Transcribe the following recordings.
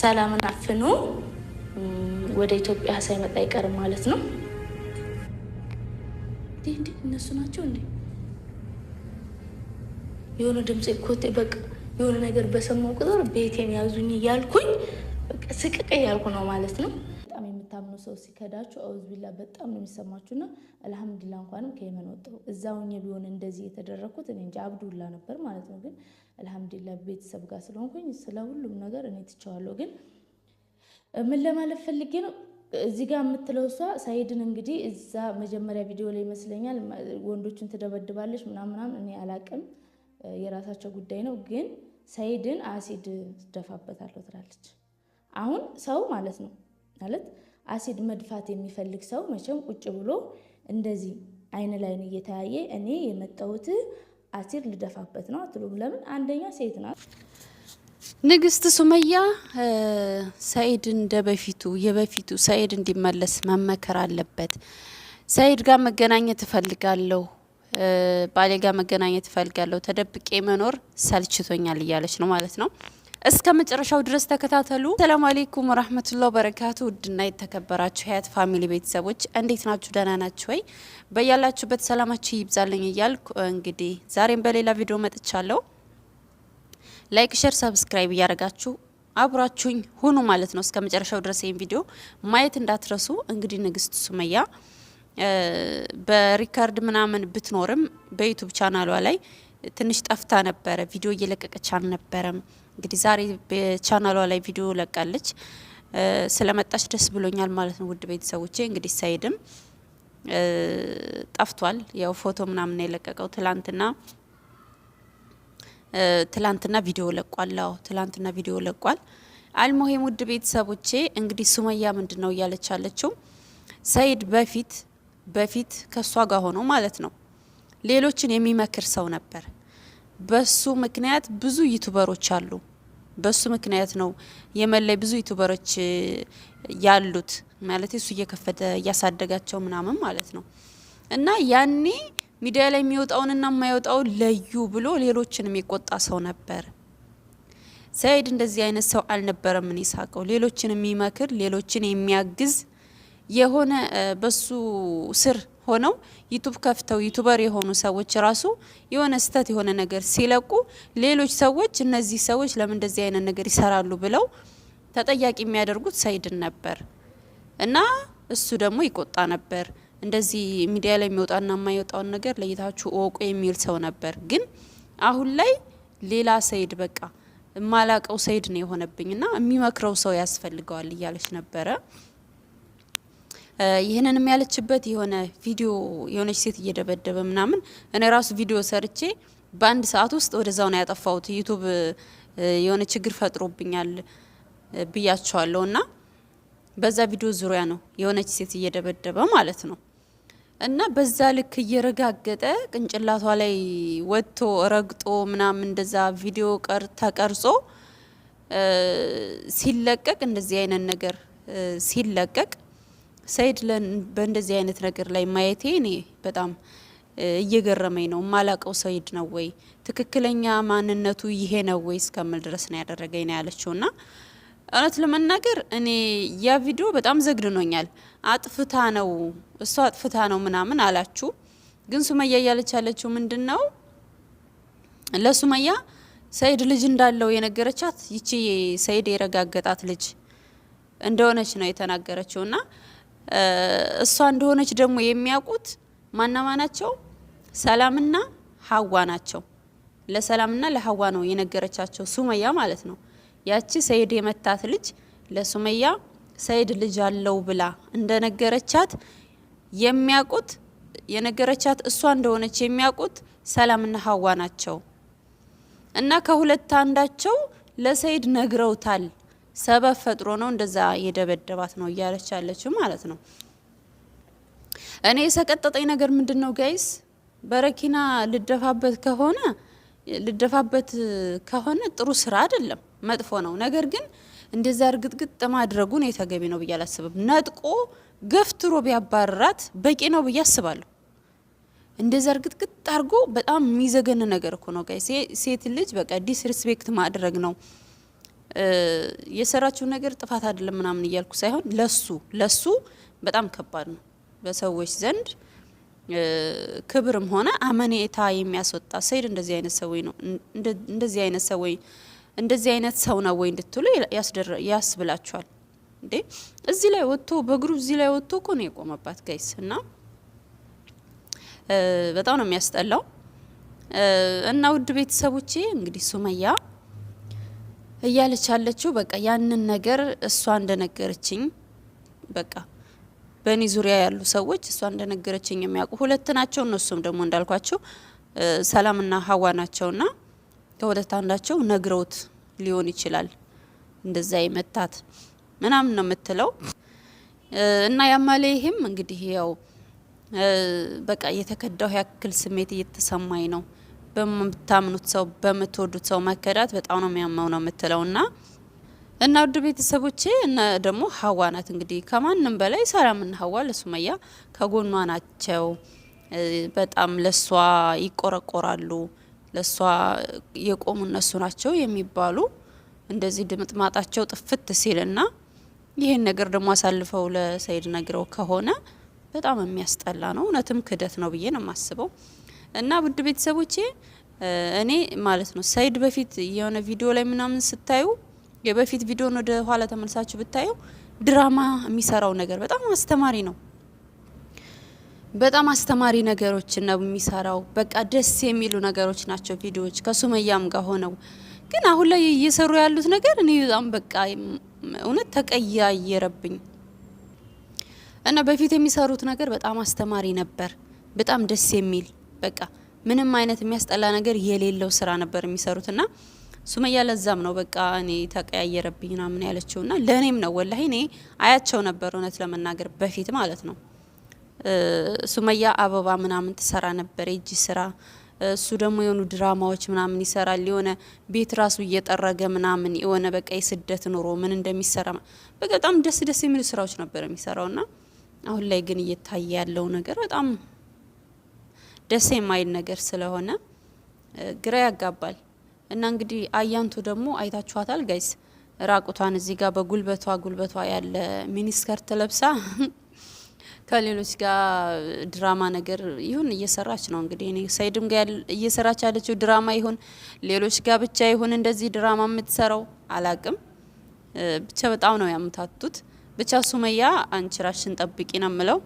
ሰላምን አፍኖ ወደ ኢትዮጵያ ሳይመጣ አይቀርም ማለት ነው። እነሱ ናቸው እንዴ? የሆነ ድምፅ ኮቴ በቃ የሆነ ነገር በሰማው ቁጥር ቤቴን ያዙኝ እያልኩኝ በቃ ስቅቅ እያልኩ ነው ማለት ነው። የማታምኑ ሰው ሲከዳችሁ አውዝቢላ በጣም ነው የሚሰማችሁና አልሐምዱላ እንኳንም ከየመን ወጣሁ። እዛ ሁኜ ቢሆን እንደዚህ የተደረግኩት እኔ እንጂ አብዱላ ነበር ማለት ነው። ግን አልሐምዱላ ቤተሰብ ጋር ስለሆንኩኝ ስለ ሁሉም ነገር እኔ ትቸዋለሁ። ግን ምን ለማለት ፈልጌ ነው እዚህ ጋር የምትለው እሷ ሳይድን እንግዲህ እዛ መጀመሪያ ቪዲዮ ላይ ይመስለኛል ወንዶችን ትደበድባለች ምናምናም፣ እኔ አላቅም፣ የራሳቸው ጉዳይ ነው። ግን ሳይድን አሲድ ትደፋበታለሁ ትላለች። አሁን ሰው ማለት ነው ማለት አሲድ መድፋት የሚፈልግ ሰው መቼም ቁጭ ብሎ እንደዚህ አይን ላይን እየተያየ እኔ የመጣሁት አሲድ ልደፋበት ነው አትሉም? ለምን? አንደኛ ሴት ናት። ንግስት ሱመያ ሰኢድ እንደ በፊቱ የበፊቱ ሰኢድ እንዲመለስ መመከር አለበት። ሰኢድ ጋር መገናኘት እፈልጋለሁ፣ ባሌ ጋር መገናኘት እፈልጋለሁ፣ ተደብቄ መኖር ሰልችቶኛል እያለች ነው ማለት ነው። እስከ መጨረሻው ድረስ ተከታተሉ። ሰላም አሌይኩም ወራህመቱላ በረካቱ። ውድና የተከበራችሁ ሀያት ፋሚሊ ቤተሰቦች እንዴት ናችሁ? ደህና ናችሁ ወይ? በያላችሁበት ሰላማችሁ ይብዛልኝ እያልኩ እንግዲህ ዛሬም በሌላ ቪዲዮ መጥቻለሁ። ላይክ፣ ሸር ሰብስክራይብ እያደረጋችሁ አብራችሁኝ ሁኑ ማለት ነው። እስከ መጨረሻው ድረስ ይህን ቪዲዮ ማየት እንዳትረሱ። እንግዲህ ንግስት ሱመያ በሪካርድ ምናምን ብትኖርም በዩቱብ ቻናሏ ላይ ትንሽ ጠፍታ ነበረ። ቪዲዮ እየለቀቀች አልነበረም። እንግዲህ ዛሬ በቻናሏ ላይ ቪዲዮ ለቃለች። ስለመጣች ደስ ብሎኛል ማለት ነው። ውድ ቤተሰቦቼ እንግዲህ ሰይድም ጠፍቷል። ያው ፎቶ ምናምን የለቀቀው ትላንትና ትላንትና ቪዲዮ ለቋል። አዎ ትላንትና ቪዲዮ ለቋል። አልሞሄም ውድ ቤተሰቦቼ እንግዲህ ሱመያ ምንድን ነው እያለች ያለችው ሰይድ በፊት በፊት ከእሷ ጋር ሆኖ ማለት ነው ሌሎችን የሚመክር ሰው ነበር። በሱ ምክንያት ብዙ ዩቱበሮች አሉ። በሱ ምክንያት ነው የመን ላይ ብዙ ዩቱበሮች ያሉት ማለት እሱ እየከፈተ እያሳደጋቸው ምናምን ማለት ነው። እና ያኔ ሚዲያ ላይ የሚወጣውንና የማይወጣውን ለዩ ብሎ ሌሎችን የሚቆጣ ሰው ነበር። ሰይድ እንደዚህ አይነት ሰው አልነበረም። እኔ ሳቀው። ሌሎችን የሚመክር ሌሎችን የሚያግዝ የሆነ በሱ ስር ሆነው ዩቱብ ከፍተው ዩቱበር የሆኑ ሰዎች ራሱ የሆነ ስህተት የሆነ ነገር ሲለቁ ሌሎች ሰዎች እነዚህ ሰዎች ለምን እንደዚህ አይነት ነገር ይሰራሉ ብለው ተጠያቂ የሚያደርጉት ሰይድን ነበር እና እሱ ደግሞ ይቆጣ ነበር። እንደዚህ ሚዲያ ላይ የሚወጣና የማይወጣውን ነገር ለይታችሁ እወቁ የሚል ሰው ነበር። ግን አሁን ላይ ሌላ ሰይድ በቃ የማላቀው ሰይድ ነው የሆነብኝና የሚመክረው ሰው ያስፈልገዋል እያለች ነበረ። ይህንንም ያለችበት የሆነ ቪዲዮ የሆነች ሴት እየደበደበ ምናምን እኔ ራሱ ቪዲዮ ሰርቼ በአንድ ሰዓት ውስጥ ወደዛው ነው ያጠፋሁት። ዩቱብ የሆነ ችግር ፈጥሮብኛል ብያቸዋለሁ። እና በዛ ቪዲዮ ዙሪያ ነው የሆነች ሴት እየደበደበ ማለት ነው። እና በዛ ልክ እየረጋገጠ ቅንጭላቷ ላይ ወጥቶ ረግጦ ምናምን እንደዛ ቪዲዮ ተቀርጾ ሲለቀቅ እንደዚህ አይነት ነገር ሲለቀቅ ሰይድ በእንደዚህ አይነት ነገር ላይ ማየቴ እኔ በጣም እየገረመኝ ነው። ማላቀው ሰይድ ነው ወይ ትክክለኛ ማንነቱ ይሄ ነው ወይ እስከምል ድረስ ነው ያደረገኝ ነው ያለችው። ና እውነት ለመናገር እኔ ያ ቪዲዮ በጣም ዘግድኖኛል። አጥፍታ ነው እሷ አጥፍታ ነው ምናምን አላችሁ፣ ግን ሱመያ እያለች ያለችው ምንድን ነው? ለሱመያ ሰይድ ልጅ እንዳለው የነገረቻት ይቺ ሰይድ የረጋገጣት ልጅ እንደሆነች ነው የተናገረችው ና እሷ እንደሆነች ደግሞ የሚያውቁት ማናማ ናቸው? ሰላምና ሀዋ ናቸው። ለሰላምና ለሀዋ ነው የነገረቻቸው ሱመያ ማለት ነው። ያቺ ሰይድ የመታት ልጅ ለሱመያ ሰይድ ልጅ አለው ብላ እንደነገረቻት የሚያውቁት የነገረቻት እሷ እንደሆነች የሚያውቁት ሰላምና ሀዋ ናቸው። እና ከሁለት አንዳቸው ለሰይድ ነግረውታል። ሰበብ ፈጥሮ ነው እንደዛ የደበደባት ነው እያለች ያለችው ማለት ነው። እኔ የሰቀጠጠኝ ነገር ምንድን ነው ጋይስ? በረኪና ልደፋበት ከሆነ ልደፋበት ከሆነ ጥሩ ስራ አይደለም፣ መጥፎ ነው። ነገር ግን እንደዛ እርግጥግጥ ማድረጉን የተገቢ ነው ብዬ አላስብም። ነጥቆ ገፍትሮ ቢያባረራት በቂ ነው ብዬ አስባለሁ። እንደዛ እርግጥግጥ አድርጎ በጣም የሚዘገን ነገር እኮ ነው ጋይስ። ሴት ልጅ በቃ ዲስሪስፔክት ማድረግ ነው። የሰራችው ነገር ጥፋት አይደለም ምናምን እያልኩ ሳይሆን ለሱ ለሱ በጣም ከባድ ነው። በሰዎች ዘንድ ክብርም ሆነ አመኔታ የሚያስወጣ ሰይድ እንደዚህ አይነት ሰው ነው እንደዚህ አይነት ሰው እንደዚህ አይነት ሰው ነው ወይ እንድትሉ ያስብላችኋል። እንዴ እዚህ ላይ ወጥቶ በእግሩ እዚህ ላይ ወጥቶ እኮ ነው የቆመባት ጋይስ እና በጣም ነው የሚያስጠላው። እና ውድ ቤተሰቦቼ እንግዲህ ሱመያ እያለች ያለችው በቃ ያንን ነገር እሷ እንደነገረችኝ በቃ በእኔ ዙሪያ ያሉ ሰዎች እሷ እንደነገረችኝ የሚያውቁ ሁለት ናቸው። እነሱም ደግሞ እንዳልኳቸው ሰላምና ሀዋ ናቸውና ከሁለት አንዳቸው ነግረውት ሊሆን ይችላል እንደዛ የመታት ምናምን ነው የምትለው እና ያማለ ይህም እንግዲህ ያው በቃ የተከዳው ያክል ስሜት እየተሰማኝ ነው በምታምኑት ሰው በምትወዱት ሰው መከዳት በጣም ነው የሚያመው ነው የምትለው ና እና ውድ ቤተሰቦቼ እና ደግሞ ሀዋ ናት እንግዲህ ከማንም በላይ ሰላምና ሀዋ ለሱመያ ከጎኗ ናቸው። በጣም ለሷ ይቆረቆራሉ። ለሷ የቆሙ እነሱ ናቸው የሚባሉ እንደዚህ ድምጥማጣቸው ጥፍት ሲልና ይህን ነገር ደግሞ አሳልፈው ለሰይድ ነግረው ከሆነ በጣም የሚያስጠላ ነው። እውነትም ክደት ነው ብዬ ነው የማስበው። እና ውድ ቤተሰቦቼ እኔ ማለት ነው ሰይድ በፊት የሆነ ቪዲዮ ላይ ምናምን ስታዩ የበፊት ቪዲዮን ወደ ኋላ ተመልሳችሁ ብታዩ ድራማ የሚሰራው ነገር በጣም አስተማሪ ነው። በጣም አስተማሪ ነገሮች ነው የሚሰራው። በቃ ደስ የሚሉ ነገሮች ናቸው ቪዲዮዎች ከሱመያም ጋር ሆነው። ግን አሁን ላይ እየሰሩ ያሉት ነገር እኔ በጣም በቃ እውነት ተቀያየረብኝ እና በፊት የሚሰሩት ነገር በጣም አስተማሪ ነበር፣ በጣም ደስ የሚል በቃ ምንም አይነት የሚያስጠላ ነገር የሌለው ስራ ነበር የሚሰሩት እና ሱመያ ለዛም ነው በቃ እኔ ተቀያየረብኝ ምናምን ያለችው ና ለእኔም ነው ወላሂ እኔ አያቸው ነበር እውነት ለመናገር በፊት ማለት ነው ሱመያ አበባ ምናምን ትሰራ ነበር የእጅ ስራ እሱ ደግሞ የሆኑ ድራማዎች ምናምን ይሰራል የሆነ ቤት ራሱ እየጠረገ ምናምን የሆነ በቃ የስደት ኑሮ ምን እንደሚሰራ በጣም ደስ ደስ የሚሉ ስራዎች ነበር የሚሰራው ና አሁን ላይ ግን እየታየ ያለው ነገር በጣም ደስ የማይል ነገር ስለሆነ ግራ ያጋባል እና እንግዲህ አያንቱ ደግሞ አይታችኋታል ጋይስ ራቁቷን እዚህ ጋር በጉልበቷ ጉልበቷ ያለ ሚኒስከርት ለብሳ ከሌሎች ጋር ድራማ ነገር ይሁን እየሰራች ነው። እንግዲህ እኔ ሳይድም ጋ እየሰራች ያለችው ድራማ ይሁን ሌሎች ጋር ብቻ ይሁን እንደዚህ ድራማ የምትሰራው አላቅም። ብቻ በጣም ነው ያምታቱት። ብቻ ሱመያ አንቺ ራሽን ጠብቂ ነው ምለው።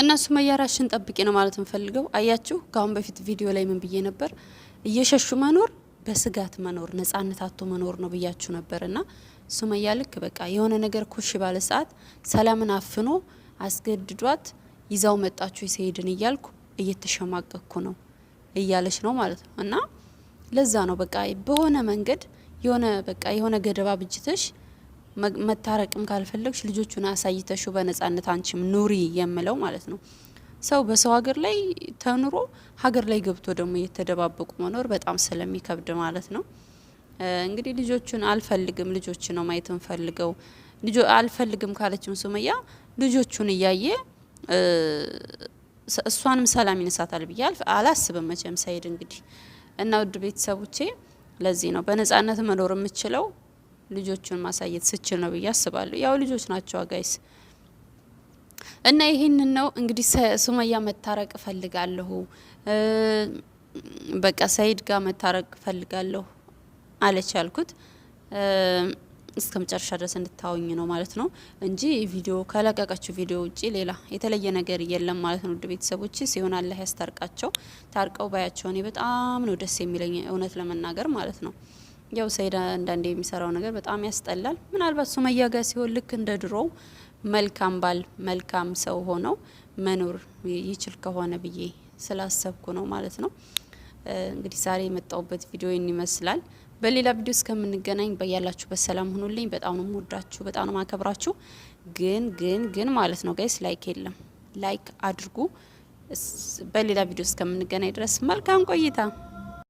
እና ሱመያ ራሽን ጠብቂ ነው ማለት እንፈልገው። አያችሁ ከአሁን በፊት ቪዲዮ ላይ ምን ብዬ ነበር? እየሸሹ መኖር በስጋት መኖር ነጻነት አቶ መኖር ነው ብያችሁ ነበር። እና ሱመያ ልክ በቃ የሆነ ነገር ኩሽ ባለ ሰዓት ሰላምን አፍኖ አስገድዷት ይዛው መጣችሁ የሰይድን እያልኩ እየተሸማቀኩ ነው እያለች ነው ማለት ነው። እና ለዛ ነው በቃ በሆነ መንገድ የሆነ በቃ የሆነ ገደባ ብጅተሽ መታረቅም ካልፈለግሽ ልጆቹን አሳይተሹ በነጻነት አንቺም ኑሪ የምለው ማለት ነው። ሰው በሰው ሀገር ላይ ተኑሮ ሀገር ላይ ገብቶ ደግሞ እየተደባበቁ መኖር በጣም ስለሚከብድ ማለት ነው። እንግዲህ ልጆቹን አልፈልግም ልጆች ነው ማየት እንፈልገው አልፈልግም ካለችም ሱመያ ልጆቹን እያየ እሷንም ሰላም ይነሳታል ብዬ አላስብም መቼም ሳይድ እንግዲህ እና ውድ ቤተሰቦቼ ለዚህ ነው በነጻነት መኖር የምችለው ልጆቹን ማሳየት ስችል ነው ብዬ አስባለሁ። ያው ልጆች ናቸው አጋይስ እና ይህንን ነው እንግዲህ ሱመያ መታረቅ እፈልጋለሁ፣ በቃ ሰይድ ጋር መታረቅ እፈልጋለሁ አለች ያልኩት እስከ መጨረሻ ድረስ እንድታወኝ ነው ማለት ነው እንጂ ቪዲዮ ከለቀቀችው ቪዲዮ ውጭ ሌላ የተለየ ነገር የለም ማለት ነው። ውድ ቤተሰቦች ሲሆን አላህ ያስታርቃቸው። ታርቀው ባያቸው እኔ በጣም ነው ደስ የሚለኝ እውነት ለመናገር ማለት ነው። ያው ሰይድ አንዳንዴ የሚሰራው ነገር በጣም ያስጠላል። ምናልባት ሱመያ ጋር ሲሆን ልክ እንደ ድሮው መልካም ባል መልካም ሰው ሆነው መኖር ይችል ከሆነ ብዬ ስላሰብኩ ነው ማለት ነው። እንግዲህ ዛሬ የመጣውበት ቪዲዮ ይህን ይመስላል። በሌላ ቪዲዮ እስከምንገናኝ በያላችሁበት ሰላም ሁኑልኝ። በጣም ነው የምወዳችሁ፣ በጣም ነው የማከብራችሁ። ግን ግን ግን ማለት ነው ጋይስ ላይክ የለም ላይክ አድርጉ። በሌላ ቪዲዮ እስከምንገናኝ ድረስ መልካም ቆይታ